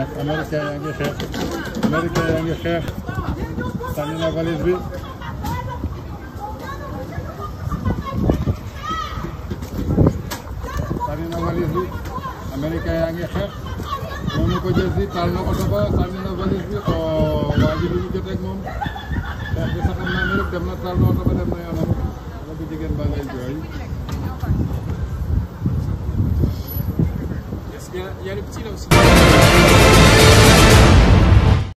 Amérique yaa ngi xeex Amérique yaa ngi xeex sànni na valise bi sànni na valise bi Amérique yaa ngi xeex moom la ko jël si taal na oto ba sànni na valise bi oo waa ji lu ñu jot ak moom xeex bi sax am na Amérique dem na taal na oto ba dem na yoonam wala bu jigéen ba ngay jooy il y, a, il y a le petit là aussi.